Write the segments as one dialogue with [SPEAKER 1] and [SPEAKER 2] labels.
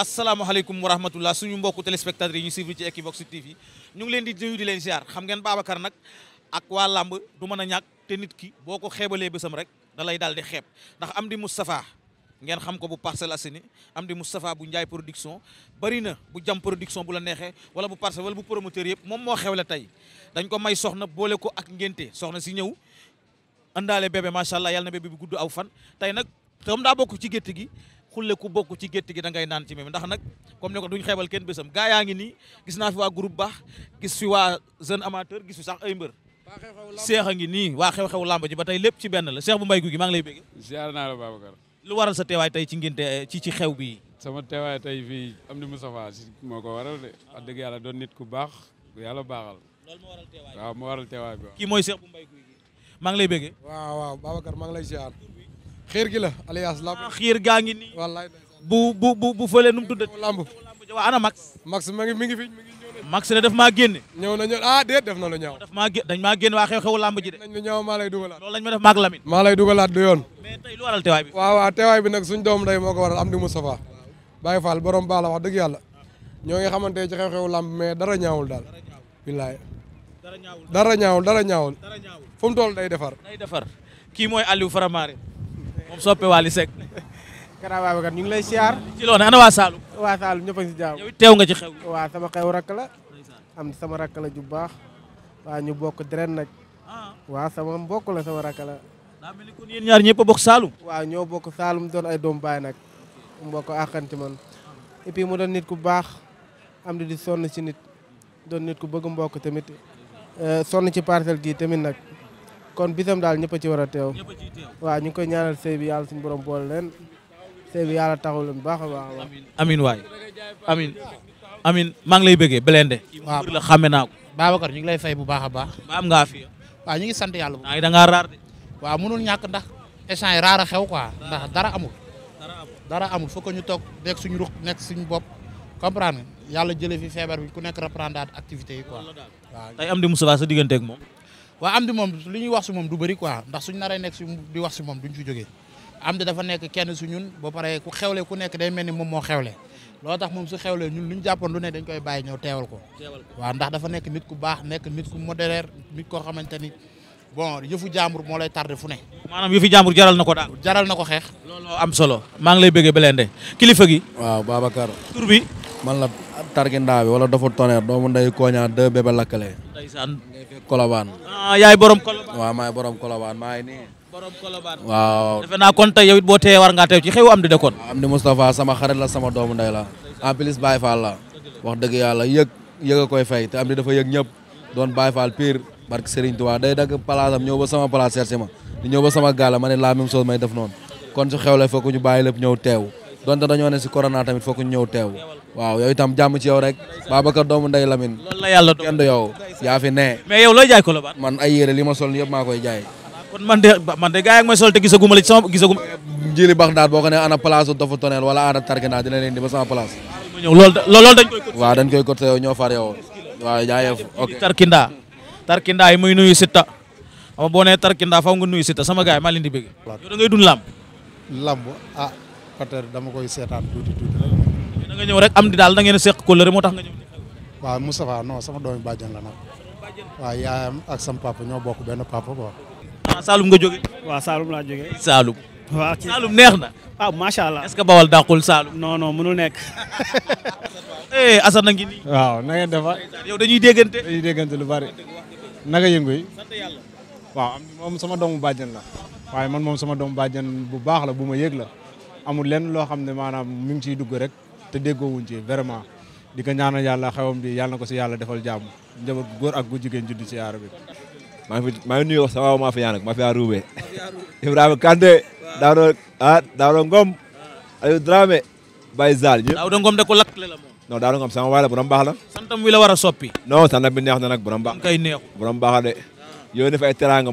[SPEAKER 1] asalaamaaleykum wa rahmatullah suñu mbokku téléspectateurs yi ñu suivre ci Equivox TV ñu ngi leen di nuyu di leen ziar xam ngeen Babacar nag ak waa làmb du man a ñàkk te nit ki boo ko xeebalee bésam rek da lay daal di xeeb ndax am di Moustapha ngeen xam ko bu Parcelles am di Moustapha bu Njaay production bari na bu jam production bu la neexee wala bu parcelle wala bu promoteur yëpp moom moo xewle tey dañ ko may soxna boole ko ak ngénte soxna si ñëw andaale bébé macha allah yàlla na bébé gudd aw fan tey nag tam daa bokk ci gétt gi xulle ku bokk ci gétt gi da ngay naan ci même ndax nag comme ne ko duñ xeebal kenn bésam gaa yaa ngi ni gis naa fi waa groupe baax gis fi waa jeune amateur gis fi sax ay mbër seex a ngi ni waa xew-xew lamba ji ba tey lépp ci benn la seex bu mbay gu gi maa ngi lay bégge
[SPEAKER 2] ziar naa la Babacar lu waral sa teewaay tey ci ngénte ci ci xew bi sama teewaay tey fii am ni Moustapha si moo ko waral dëgg yàlla doon nit ku baax yàlla baaxal loolu moo waral mooy seex bu
[SPEAKER 1] mbay maa ngi lay bégge waaw waaw Babacar maa ngi lay ziar xiir la alias lamb ah, xiir gaa ngi nii wallaay bu bu bu bu fële nu mu lamb waa ana max max ma ngi mi ngi fi mi ngi ñëw max ne daf maa génne na ñëw ah déet def na lu ñaaw daf maa génn dañ maa génn waa xew-xewu lamb ji de nañ ma def
[SPEAKER 3] maag Lamine maa lay dugalaat du yoon mais tey lu waral teewaay bi waaw waaw teewaay bi nag suñ doom day moo ko waral am di Moustapha Baye Fall borom baa la wax dëgg yàlla ñoo ngi xamante ci xew-xewu lamb mais dara ñaawul daal billaay dara ñaawul dara ñaawul fu mu toll day defar
[SPEAKER 1] day defar kii mooy Aliou Faramare moom soppe Wally Seck. Kara Babacar ñu ngi lay siyaar. ci loolu ana waa Saalum. waa Saalum ñëpp a ngi si jaaw. teew nga ci xew. waa sama xew rakk la. am sama rakk la ju baax. waa ñu bokk dren nag. Ah. waa sama mbokk la sama rakk la. daa mel ñaar ñëpp a bokk Saalum. waa ñoo bokk Saalum doon ay doom baay nag. mbokk àqanti man. et puis mu doon nit ku baax. am di sonn ci nit. doon nit ku bëgg mbokk tamit. Eh, sonn ci parcelle gi tamit nag. kon bisam daal ñëpp a ci war a teew waaw ñu ngi koy ñaanal sëy bi yàlla suñu borom boole leen sëy yàlla taxul baax a baax a amin waay amin maa ngi lay bëggee Blindé waaw la xàmme naa
[SPEAKER 3] ko ñu ngi lay fay bu baax a baax am ngaa fi waaw sant yàlla bu baax da ngaa raar ñàkk ndax échange raar a xew quoi ndax dara amul dara amul fokk ñu toog nekk suñu ruq nekk suñu bopp comprendre nga yàlla jële fi feebar bi ku nekk reprendre activité yi quoi waaw
[SPEAKER 1] am di Moustapha sa digganteeg moom
[SPEAKER 3] waa am di moom li ñuy wax si moom du bëri quoi ndax suñ naree nekk si di wax si moom duñ si jógee am di dafa nekk kenn su ñun ba pare ku xewle ku nekk day mel ni moom moo xewle loo tax moom su xewlee ñun lu ñu jàppoon ne dañ koy bàyyi ñëw teewal ko waaw ndax dafa nekk nit ku baax nekk nit ku modéré nit koo xamante ni bon yëfu jàmbur moo lay tardé fu ne maanaam yëfu jàmbur jaral na ko daal jaral na ko xeex
[SPEAKER 4] looloo am solo maa ngi lay bëggee Blindé kilifa gi waaw Babacar tur bi man tarkindaa bi wala dofu tonnerre doomu nday koña deux bébé lakkale. ndeysaan ngay fekk kolobaan. ah yaay borom kolobaan. waaw maay borom kolobaan maa ngi nii. borom kolobaan. waaw. defe naa kon tey yow it boo teewee war ngaa teew ci xew am di de kon. am di Moustapha sama xarit la sama doomu nday la en plus Baye Fall la wax dëgg yàlla yëg yëg a koy fay te am dafa yëg ñëpp doon Baye Fall pire barke Serigne Touba day dagg place ñëw ba sama place cherché ma ñëw ba sama gaal ma ne la may def noonu kon su xew la fokk ñu donte dañoo ne si corona tamit foog ñu ñëw teew waaw yow itam jàmm ci yow rek Babacar doomu Ndeye Lamine. loolu la yàlla doon yow yaa fi ne. mais yow looy jaay man ay yére li ma sol yëpp maa koy jaay. kon man de man de gars yi ak may sol te gisaguma la ci sama gisaguma. Jili Baxdaad boo ko nee ana place dafa tonel wala ana tarkina dina leen di ba sama place. loolu loolu dañ koy. waaw dañ koy coté yow ñoo far yow. waaw jaayee ok tarkindaa tarkindaa
[SPEAKER 1] yi nuyu Siteu xam nga boo nee tarkindaa faw nga nuyu Siteu sama gars yi di bëgg. yow da ngay dund
[SPEAKER 5] Pater dama koy seetaan tuuti tuuti
[SPEAKER 1] rek. am daal da ngeen a seq kóllëre moo tax nga ñëw.
[SPEAKER 5] waaw Moustapha non sama doomi bàjjan la nag waaw yaayam ak sama papa ñoo bokk benn papa quoi.
[SPEAKER 6] ah Saalum nga jógee. waaw Saalum laa jógee.
[SPEAKER 1] Saalum.
[SPEAKER 5] waaw
[SPEAKER 6] ci Saalum neex na. ah macha allah que Bawal
[SPEAKER 1] dàqul Saalum. non non mënul nekk.
[SPEAKER 5] eh Assane na ngi waaw na ngeen defa ah. yow dañuy déggante. dañuy déggante lu bari. naka yëngu yi. waaw moom sama doomu bàjjan la. waaye man moom sama doom bàjjan bu baax la bu ma yëg la. amul lenn loo xam ne maanaam mi ngi ciy dugg rek te déggoowuñ ci di ko ñaanal yàlla xewam bi yàlla na ko si yàlla defal jàmm njaboot gu góor ak gu jigéen juddu si yaara bi.
[SPEAKER 6] maa ngi fi maa ngi nuyu wax sama mafia nag mafia Roubé Ibrahima Kanté Daouda ah Daouda Ngom Aliou Dramé Baye Zal. la moom. non Daouda Ngom sama waay la borom baax la. a na nag borom baax. kay de. yónnee fa ay teraanga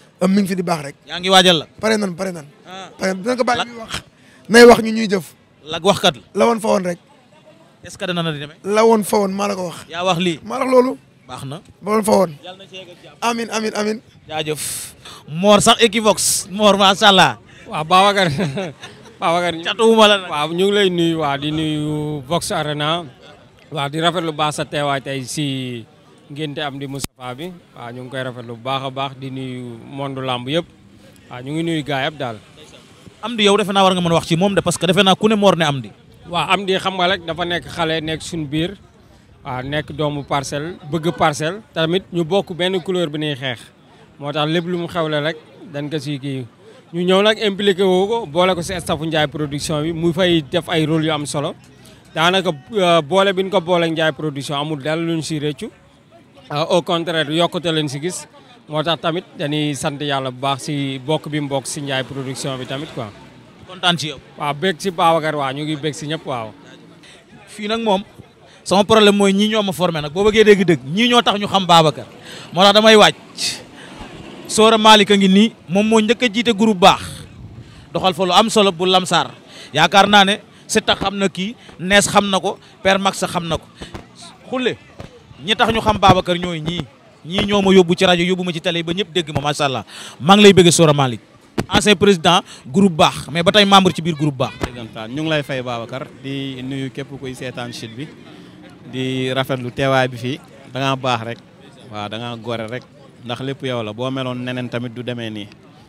[SPEAKER 3] am mi ngi fi di baax rek. yaa ngi waajal la. pare nan pare nan. Ah. pare dina ko wax. nay wax ñu ñuy jëf. lag wax kat la. la woon fa rek. est-ce que na di demee. la woon fa maa la ko wax. yaa wax lii maa la loolu. baax na la woon fa woon.
[SPEAKER 1] yàlla jaajëf. Mor sax Equivox. Mor macha allah. waaw Babacar Babacar. catuwuma
[SPEAKER 2] la nag waaw ñu ngi lay nuyu waa di nuyu Vox Arena. waa di rafetlu lu sa teewaay tey si. ngénte am di Moustapha bi waaw ñu ngi koy rafet bu baax a baax di nuyu monde làmb yëpp waaw ñu ngi nuyu gaay yëpp daal.
[SPEAKER 1] am di yow defe naa war nga mën wax ci moom de parce que defe ku ne moor ne am di.
[SPEAKER 2] waaw am di xam nga rek dafa nekk xale nekk suñu biir waaw nekk
[SPEAKER 1] doomu parcelle bëgg parcelle tamit ñu bokk benn couleur bi ñuy xeex moo tax lépp lu mu xewle rek dañ ko si kii ñu ñëw nag impliqué woo ko boole ko si staffu Ndiaye production bi mu fay def ay rôle yu am solo daanaka euh, boole bi ñu ko boole Ndiaye production amul dal luñ si rëccu. Euh, au contraire yokkute leen si gis moo tax tamit dañuy sant yàlla bu baax si bokk bi mbokk si njaay production bi tamit quoi. kontaan si yow. waaw bëgg si Babacar waaw ñu ngi bëgg si ñëpp waaw. fii nag moom sama problème mooy ñii ñoo ma formé nag boo bëggee dégg-dëgg ñii ñoo tax ñu xam Babacar moo tax damay wàcc Soora Malick a ngi nii moom moo njëkk a jiite group baax doxal fa am solo bu Lamsar yaakaar naa ne Seta xam na kii Nees xam na ko Père Max xam na ko ñi tax ñu xam Babacar ñooyu ñii ñii ñoo ma yóbbu ci rajo yóbbu ma ci tali ba ñëpp dégg ma macha allah maa ngi lay bëgg Sora Malick ancien président groupe baax mais ba tey membre ci biir groupe baax.
[SPEAKER 6] ñu ngi lay fay Babacar di nuyu képp koy seetaan chute bi di rafetlu teewaay bi fii da baax rek waaw da ngaa gore rek ndax lépp yow la boo meloon neneen tamit du demee nii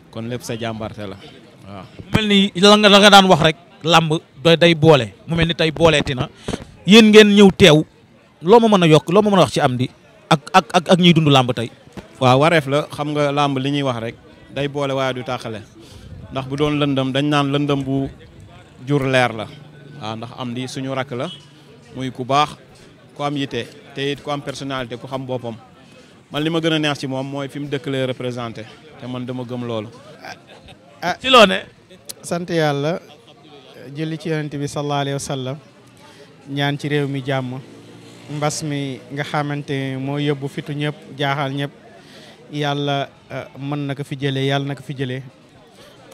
[SPEAKER 6] kon lépp sa jàmbarte la waaw.
[SPEAKER 1] mu mel ni la nga daan wax rek làmb doy day boole mu mel ni tey booleeti na yéen ngeen ñëw teew. loo ma mën a yokk
[SPEAKER 6] loo ma mën a wax ci am di ak ak ak ak dund làmb tey. waaw wareef la xam nga làmb li ñuy wax rek day boole waaye du tàqale ndax bu doon lëndëm dañ naan lëndëm bu jur leer la waaw ndax am di suñu rakk la muy ku baax ku am yite te it ku am personnalité ku xam boppam man li ma gën a neex ci moom mooy fi mu dëkk lay représenté te man dama gëm loolu. ah, ah. ne sant yàlla julli
[SPEAKER 1] ci yonent bi sallallahu alayhi wa sallam ñaan ci réew mi jàmm. mbas mi nga xamante moo yóbbu fitu ñëpp jaaxal ñëpp yàlla eh, mën na ko fi jëlee yàlla na ko fi jëlee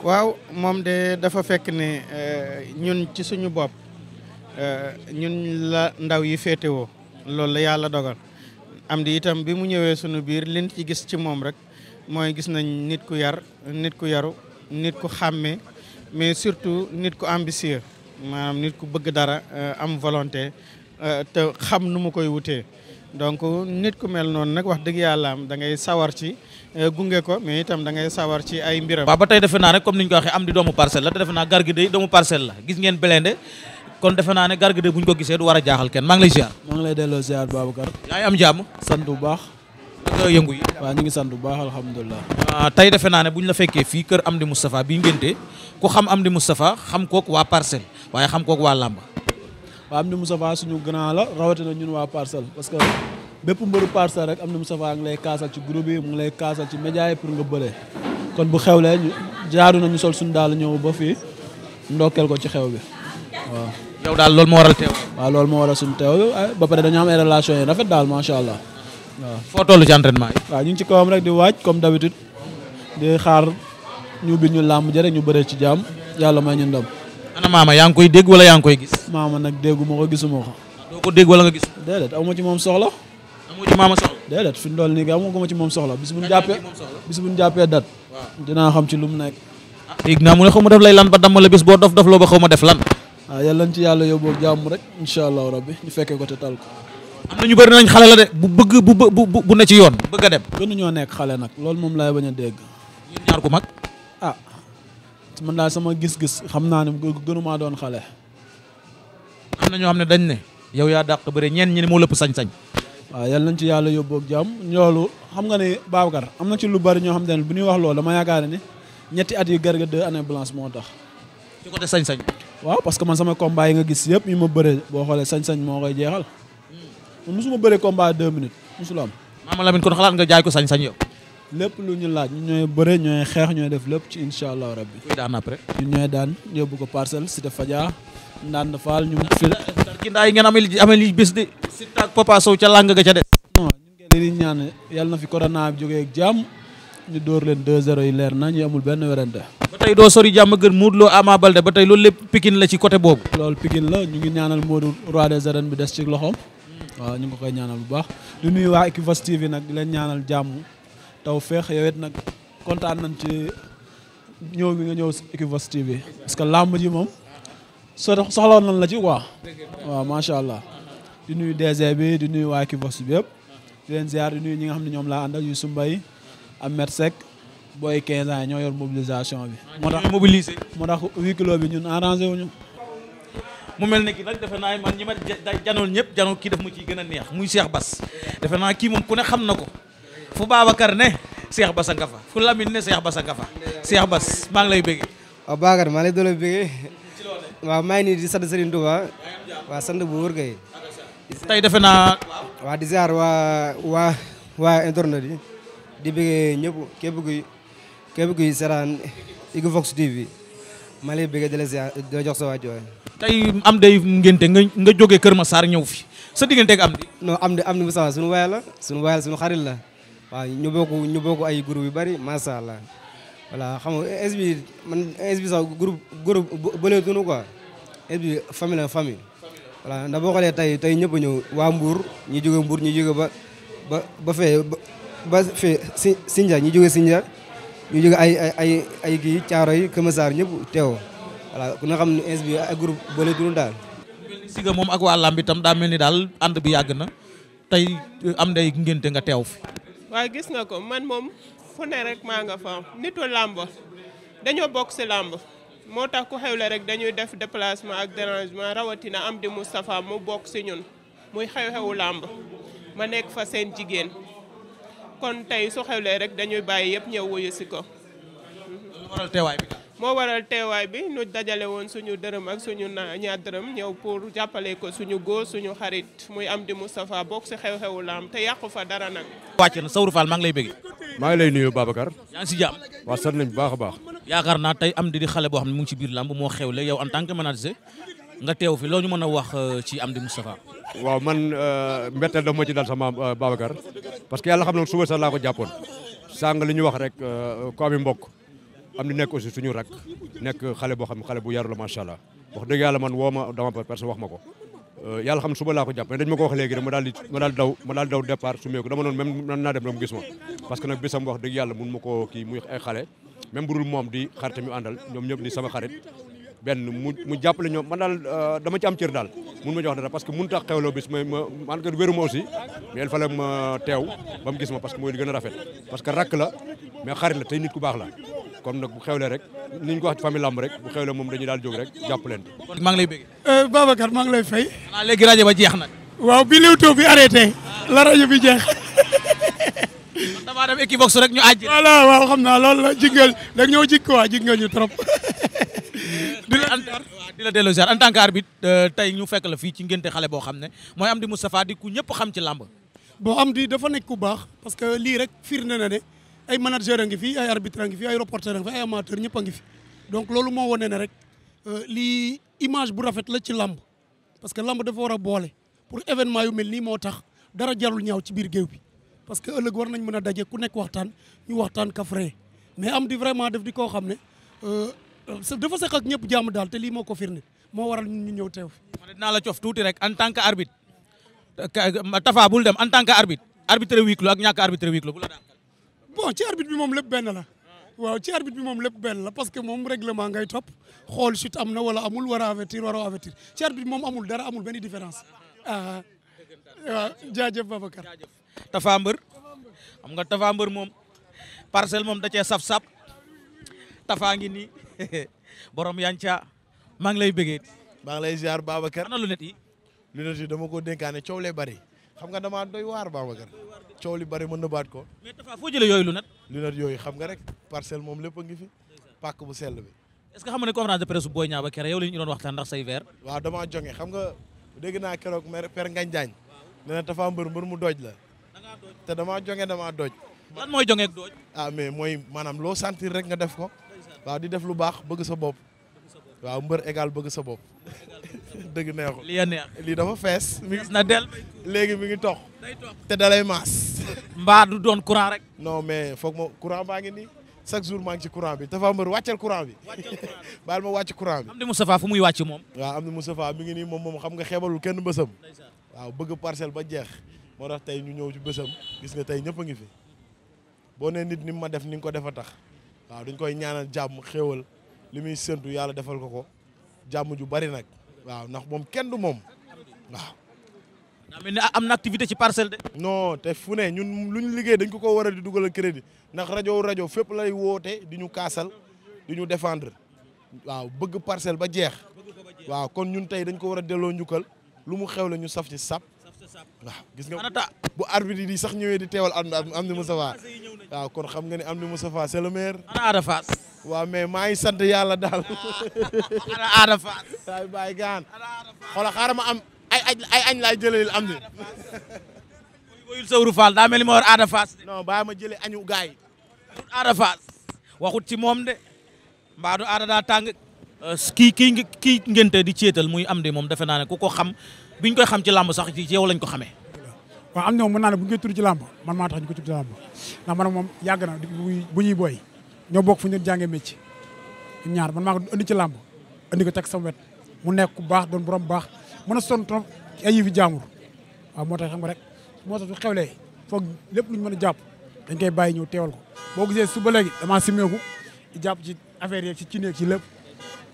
[SPEAKER 1] waaw moom de dafa fekk ne eh, ñun ci suñu bopp eh, ñun la ndaw yi féetewoo loolu la yàlla dogal am di itam bi mu ñëwee sunu biir liñ ci gis ci moom rek mooy gis nañ nit ku yar nit ku yaru nit ku xàmmee mais surtout nit ku ambitieux maanaam nit ku bëgg dara am volonté Euh, te xam nu mu koy wutee donc nit ku mel noonu nag wax dëgg yàlla am da ngay sawar ci euh, gunge ko mais itam da
[SPEAKER 6] ngay sawar ci ay mbiram. waaw ba tey
[SPEAKER 1] defe naa rek comme ni ñu waxee am di doomu parcelle la te defe naa gargi gis ngeen Blindé kon defe naa ne gargi day bu ñu ko gisee du war a jaaxal kenn maa ngi lay ziar.
[SPEAKER 6] maa ngi lay delloo ziar Babacar. yaa ngi am jàmm. sant bu baax. ak yëngu yi. waaw ñu ngi baax alhamdulilah.
[SPEAKER 1] Ah, tey defe naa ne bu ñu la fekkee fii kër Amdi Moustapha bi ngénte ku xam Amdi Moustapha xam kook waa parcelle waaye xam kook waa làmb
[SPEAKER 6] waa am na Moustapha suñu grand la rawatina ñun waa parcelle parce que bépp mbëru parcelle rek am na Moustapha ngi lay kaasal ci groupe yi mu ngi lay kaasal ci média yi pour nga bëre kon bu xewlee ñu jaaru ñu sol suñu daal ñëw ba fii ndokkeel ko ci xew bi waaw. yow daal loolu moo waral teew. waaw lool moo waral suñu teew ba pare dañoo amee relation yi rafet daal macha allah
[SPEAKER 4] waaw. foo toll ci entraînement
[SPEAKER 6] yi. waaw ñu ngi ci kawam rek di waaj comme d'habitude di xaar bi ñu làmb jërek ñu bëree ci jàmm yàlla may ana maama yaa ngi koy dégg wala yaa ngi koy gis. maama nag dégguma ko gisuma ko. doo ko dégg wala nga gis. déedéet amu ci moom soxla. amu ci maama soxla. déedéet fi mu toll nii amu ci moom soxla bis bu ñu jàppee bis bu ñu jàppee dat. waaw dinaa xam ci lu mu nekk. ah dégg naa mu ne xaw ma def lay lan ba damm la bis boo dof dof loo ba xaw ma def lan. waaw ah, yàlla nañ ci yàlla yóbboo jàmm rek incha allahu rabbi ñu fekkee ko te tal am na ñu bëri nañ xale la de bu bëgg bu bu bu ne ci yoon. bëgg a dem gënuñoo nekk xale nag loolu moom laay bañ a dégg. ñaar man daal sama gis-gis xam naa ne gënumaa doon xale.
[SPEAKER 1] am na ñoo xam ne dañ ne. yow yaa dàq bëre ñeen ñi ne moo lëpp sañ-sañ.
[SPEAKER 6] waaw yal nañ ci yàlla yóbbu ak jàmm loolu xam nga ne Babacar am na ci lu bari ñoo xam ne bu ñuy wax loolu dama yaakaar ne ñetti at yu Garga deux années blanche moo tax. ci côté sañ-sañ. waaw parce que man sama combat yi nga gis yëpp yi ma bëre boo xoolee sañ-sañ moo koy jeexal. Hmm. man mosuma bëre combat deux minutes mosul am. Maama Lamine kon xalaat nga jaay ko sañ-sañ yow. lépp lu ñu laaj ñu ñooy bëre ñooy xeex ñooy def lépp ci incha allah rabbi. kuy daan après. ñu ñooy daan yóbbu ko parcelle cité Fadia ndaan faal ñu. gindaa yi ngeen amee li bés de. Siteu ak Papa Sow ca làng ga ca des. non ñu ngi leen di na fi corona bi jógee ak jàmm ñu dóor leen 2-0 yi leer na ñu amul benn werante ba tey doo sori jàmm gën Modou Lo Ama Baldé ba tey loolu lépp Pikine la ci côté boobu. loolu Pikine la ñu ngi ñaanal Modou roi des arènes bi des ci loxo hmm. waaw ñu ngi koy bu baax. di nag di leen ñaanal taw feex yow it nag kontaan nañ ci ñëw bi nga ñëw si Equivox TV parce que làmb ji moom soxla soxlawoon na la ci quoi waaw macha allah di nuyu DG bi di nuyu waa Equivox bi yëpp di leen di nuyu ñi nga xam ne ñoom laa àndal yu sumbay Ahmed sek booy 15 ans ñoo yor mobilisation bi. moo tax mobilisé moo tax 8 kilos bi ñun arrangé wuñu
[SPEAKER 1] mu mel ne ki nag defe naa man ñi ma ñëpp janoo kii daf ma ciy gën a neex muy Cheikh Bass defe naa kii moom ku ne xam na ko. fu Babacar ne Cheikh Bass a nga fa fu Lamine ne Cheikh Bass a nga fa Cheikh Bass maa ngi lay bëgg
[SPEAKER 4] waaw Babacar maa waaw maa
[SPEAKER 1] ngi nii di sant Serigne Touba waaw sant bu wóor kay tey defe naa waaw di ziar waa waa waa internet yi di bëggee ñëpp képp kuy képp kuy seraan TV maa lay bëggee di la ziar di la jox sa waa jooy tey am day ngénte nga nga jógee Kër saar ñëw fi sa diggante ak am di non am di am di bu la suñu waay la suñu xarit la waaw ñu bokk ñu bokk ay groupe yu bari macha allah voilà xam nga es man es bi sax groupe bëleetunu quoi es bi famille la famille voilà ndax boo xoolee tey tey ñëpp ñëw waa mbuur ñu jóge Mbour ñu jóge ba ba ba fee ba fee si Sinja ñi jóge Sinja ñu jóge ay ay ay kii caaro yi Kër ñëpp teew voilà ku a xam ne es bi ay groupe bëleetunu daal siga moom ak waa làmb itam daa mel ni daal ànd bi yàgg na tey am day ngénte nga teew fi
[SPEAKER 6] waa gis nga ko man moom fu ne rek maa nga fa
[SPEAKER 3] nitu làmb dañoo bokk ci làmb moo tax ku xewle rek dañuy def déplacement ak dérangement rawatina am di Moustapha mu bokk ci ñun muy xew-xewu làmb ma nekk fa seen jigéen kon tey su xewlee rek dañuy bàyyi yëpp ñëw wuyu ci ko. waral moo waral teewaay bi ñu dajale woon suñu dërëm ak suñu na ñaar dërëm ñëw pour jàppale ko suñu góor suñu xarit muy Amdy Moustapha bokk si xew-xewu laam te yàqu fa dara nag.
[SPEAKER 1] wàcc na Saourou Fall maa ngi lay bëgg. maa ngi lay nuyu Babacar. yaa ngi si jàmm.
[SPEAKER 3] waa sant nañu baax baax.
[SPEAKER 1] yaakaar naa tey am di xale boo xam ne mu ngi ci biir làmb moo xewle yow en tant que manager nga teew fi loo ñu mën a wax euh, ci am Amdy Moustapha.
[SPEAKER 3] waaw man euh, mbetteel da moo ci dal sama euh, Babacar parce que yàlla xam na suba sax laa ko jàppoon sàng li ñu wax rek ko ami mbokk am di nekk aussi suñu rak nekk xale boo xam ne xale bu yaru la macha allah wax dëgg yàlla man woo ma dama parce que wax ma ko euh, yàlla xam suba laa ko jàpp mais dañ ma ko wax léegi rek ma daal di ma daal daw ma dem ma parce euh, dama ci am cër daal mun ma jox dara parce que mun tax xewloo bis ma ma man ko wéru ba mu gis ma parce que mooy li gën a rafet parce que rakk la mais xarit la tey nit ku baax la kon nag bu xewle rek ni ñu ko wax ci famille lamb rek bu xewle moom dañuy daal jóg rek jàpp leen. maa ngi lay bëgg. Euh, Babacar maa ngi lay fay. ah léegi rajo ba jeex nag. waaw bi Leewtoo bi arrêté. la rajo bi jeex. man damaa dem Equivox rek ñu àjj. voilà waaw xam naa loolu la jingal da ñoo jig quoi jig nga ñu trop.
[SPEAKER 1] di la di la delloo
[SPEAKER 3] ziar en tant que euh, ñu fekk la fii ci ngénte xale boo xam ne mooy Amdy Moustapha di ku ñëpp xam ci làmb. boo Amdy dafa na ay manager a ngi fi ay arbitre a ngi fi ay reporter a fi ay amateur ñëpp a fi donc loolu moo wane ne rek euh, lii image bu rafet la ci lamb parce que lamb dafa war a boole pour événement yu mel nii moo tax dara jarul ñaaw ci biir géew bi parce que ëllëg war nañ mën a daje ku nekk waxtaan ñu waxtaan kafre mais am di vraiment def di ko xam ne euh, dafa sax ak ñëpp jàmm daal te lii moo ko firnde moo waral ñu ñëw teew.
[SPEAKER 1] dinaa la cof tuuti rek en tant que arbitre Tafa bul dem en tant que arbitre arbitre huis clos ak la daal.
[SPEAKER 3] bon ci arbitre bi moom lépp benn la waaw ci arbitre bi moom lépp benn la parce que moom règlement ngay topp xool chute am na wala amul war a avertir waroo avertir ci arbitre bi moom amul dara amul benn différence ah waaw jaajëf Babacar.
[SPEAKER 1] Tapha Mbeur xam nga Tapha Mbeur moom parcelle moom da cee saf sap
[SPEAKER 5] Tapha ngi ni borom yanca maa ngi lay bëggee. maa ngi lay ziar Babacar. ana lu net yi. lu net yi dama ko dénkaane coow lee bari. xam nga damaa doy waar Babacar coow li bari mën na baat ko. mais Tafa foo jëlee yooyu lunette. lunette yooyu xam nga rek parcel moom lépp a ngi bu sell bi.
[SPEAKER 1] est-ce que xam nga ne conférence de presse bu Boy Niang ba keroog yow la ñu doon waxtaan ndax say verre.
[SPEAKER 5] waaw damaa jonge xam nga dégg naa keroog mère per Ngagne Diagne nee na Tafa mbër mbër mu doj la te damaa jonge damaa dooj lan mooy jonge dooj doj. ah mais mooy maanaam loo sentir rek nga def ko waaw di def lu baax bëgg sa bopp waaw mbër égal bëgg sa bopp dëgg neexul. lii neex lii dafa fees. mi ngi na del léegi mi ngi tox. te dalay maas. mbaa du doon courant rek. non mais foog ma courant baa ngi nii chaque jour maa ngi ci courant bi dafa mbër wàcceel courant bi. baal ma wàcc courant fu muy wàcc moom. waaw am na Moustapha mi ngi nii moom moom xam nga xeebalul kenn bësam. waaw bëgg parcelle ba jeex. moo tey ñu ñëw ci bësam gis nga tey ñëpp a ngi fi boo ne nit ni ma def ni nga ko defa tax waaw dañ koy ñaanal jàmm xéewal li muy séntu yàlla defal ko ko jàmm ju bari nag waaw ndax moom kenn du moom waaw. am na activité ci parcelle de. non te fu ne ñun lu liggéey dañ ko ko war a di dugal a crédit ndax rajo rajo fépp lay woote di ñu kaasal di ñu défendre waaw bëgg parcelle ba jeex waaw kon ñun tey dañ ko war a delloo njukkal lu mu xew la ñu saf ci sap. waaw gis nga bu arbitre di sax ñëwee di teewal am am ni Moustapha waaw kon xam nga ne am ni Moustapha c'est waaw mais maa ngi sant yàlla daal. ana Ada Fass. saa gaan. xoolal xaaral ma am ay añ laay jëlee am ni woyul Sawru Fall daa ni ma war Ada Fass. non ma jële añu gaay yi. Ada
[SPEAKER 1] waxut ci moom de mbaa du Ada daa tàng. Euh, kii kii kii ngente di ceetal muy am de moom defe naa ne ku ko xam biñ koy xam ci làmb sax ci yow lañ ko xamee.
[SPEAKER 3] waa am na moom mën naa ne bu ñu ci làmb man maa tax ñu ko tudd ci làmb ndax man moom yàgg na bu ñuy booy. ñoo bokk fu ñu jàngee métier ñaar man maa andi ci làmb andi ko teg sama wet mu nekk ku baax doon borom baax mën a sonn trop ci ay jaamur waaw moo tax xam nga rek moo tax su xewlee foog lépp luñ mën a jàpp dañ koy bàyyi ñëw teewal ko boo gisee su ba léegi damaa simeeku jàpp ci affaire yeeg ci cineeg ci lépp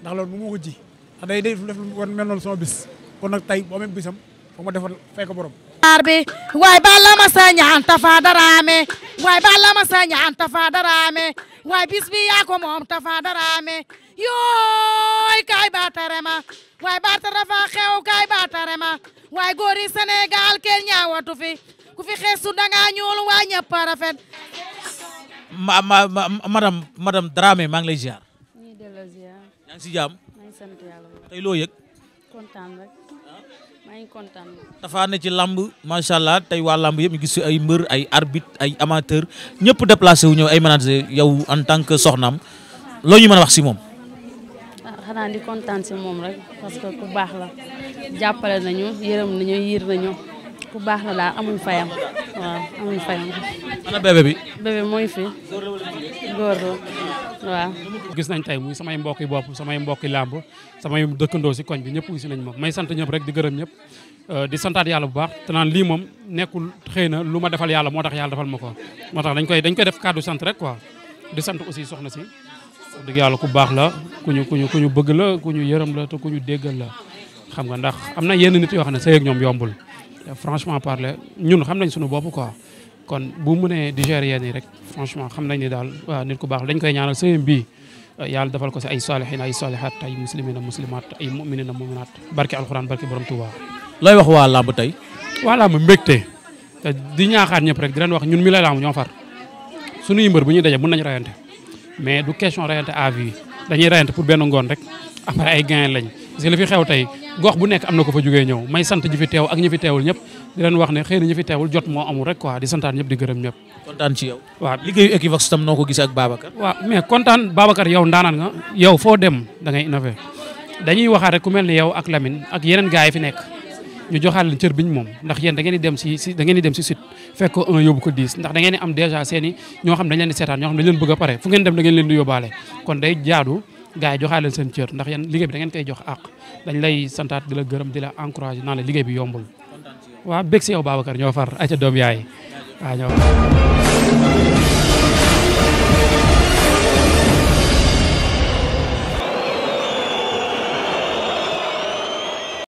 [SPEAKER 3] ndax loolu mu ma ko ji ndax day day def lu mel noonu sama bis kon nag tey boo amee bisam foog ma defal fay ko borom ar waay balla ma sa ñaan Tafa Darame waay balla ma sa ñaan Tafa Darame waay bis bi moom Tafa Darame yooy kay ba tere ma waay ba tere fa xew kay ba tere ma waay góori Sénégal kenn ñaawatu fi ku fi xeesu danga ñuul waay ñëpp rafet
[SPEAKER 1] ma ma madame madame lay ziar. dafa ne ci làmb macha allah tey waa làmb yëpp ñu gis ay mbër ay arbitre ay amateur ñëpp déplacé wu ñëw ay manager yow en tant que soxnaam loolu ñu mën a wax si moom.
[SPEAKER 2] ah xanaa di kontaan si moom rek parce que ku baax la jàppale nañu yërëm nañu yiir nañu ku baax la daal amuñ fayam waaw amuñ fayam. ana bi. bébé mooy fi góor la. waaw gis nañ tey muy samay mbokki bopp samay mbokki làmb samay dëkkandoo si koñ bi ñëpp si nañ ma may sant ñëpp rek di gërëm ñëpp euh, di santaat yàlla bu baax te naan lii moom nekkul xëy na lu ma defal yàlla moo tax yàlla defal ma ko moo tax dañ koy dañ def kàddu sant rek ko di sant aussi soxna si dëgg yàlla ku baax la ku ñu ku ñu ku ñu bëgg la ku ñu yërëm la te ku ñu déggal la xam nga ndax xam na yenn nit yoo xam ne sëy ak ñoom yombul franchement parler ñun xam nañ suñu bopp quoi kon bu mu nee Nigériens yi rek franchement xam nañ ne daal waaw nit ku baax dañ koy ñaanal sëyam bii euh, yàlla defal ko si ay saalihin ay saalihaat ay muslimina muslimaat ay muminina muminaat barke alxuraan barke borom Tuuba. looy wax waa làmb tey. waa làmb mbégte euh, di ñaaxaat ñëpp rek di leen wax ñun mi la làmb ñoo far suñuy mbër bu ñuy daje mun nañu rayante mais du question rayante à vie dañuy rayante pour benn ngoon rek après lañ parce que li tey gox bu nekk am na ko fa jógee ñëw may sant ji fi teew ak ñi fi teewul ñëpp di leen wax ne xëy na ñu fi teewul jot moo amul rek quoi di santaan ñëpp di gërëm ñëpp. kontaan ci yow. waaw liggéeyu Equivox tam noo ko gisee ak Babacar. waaw mais kontaan yow ndaanaan nga yow foo dem da ngay innové dañuy waxaat rek ku mel yow ak Lamine ak yeneen gars yi fi nekk ñu joxaat leen cër ndax yéen da ngeen di dem si si ngeen di si site fekk ko un yóbbu ko dix ndax da ngeen am dèjà seen i ñoo xam dañ leen di seetaan ñoo xam dañ leen bëgg a pare fu ngeen dem da ngeen leen di yóbbaale kon day jaadu gars yi joxaat leen seen cër ndax yéen liggéey bi da ngeen koy jox àq dañ lay santaat di la gërëm di la encouragé naa la liggéey bi yombul waaw bég si yow Babacar ñoo far ayca doom yaay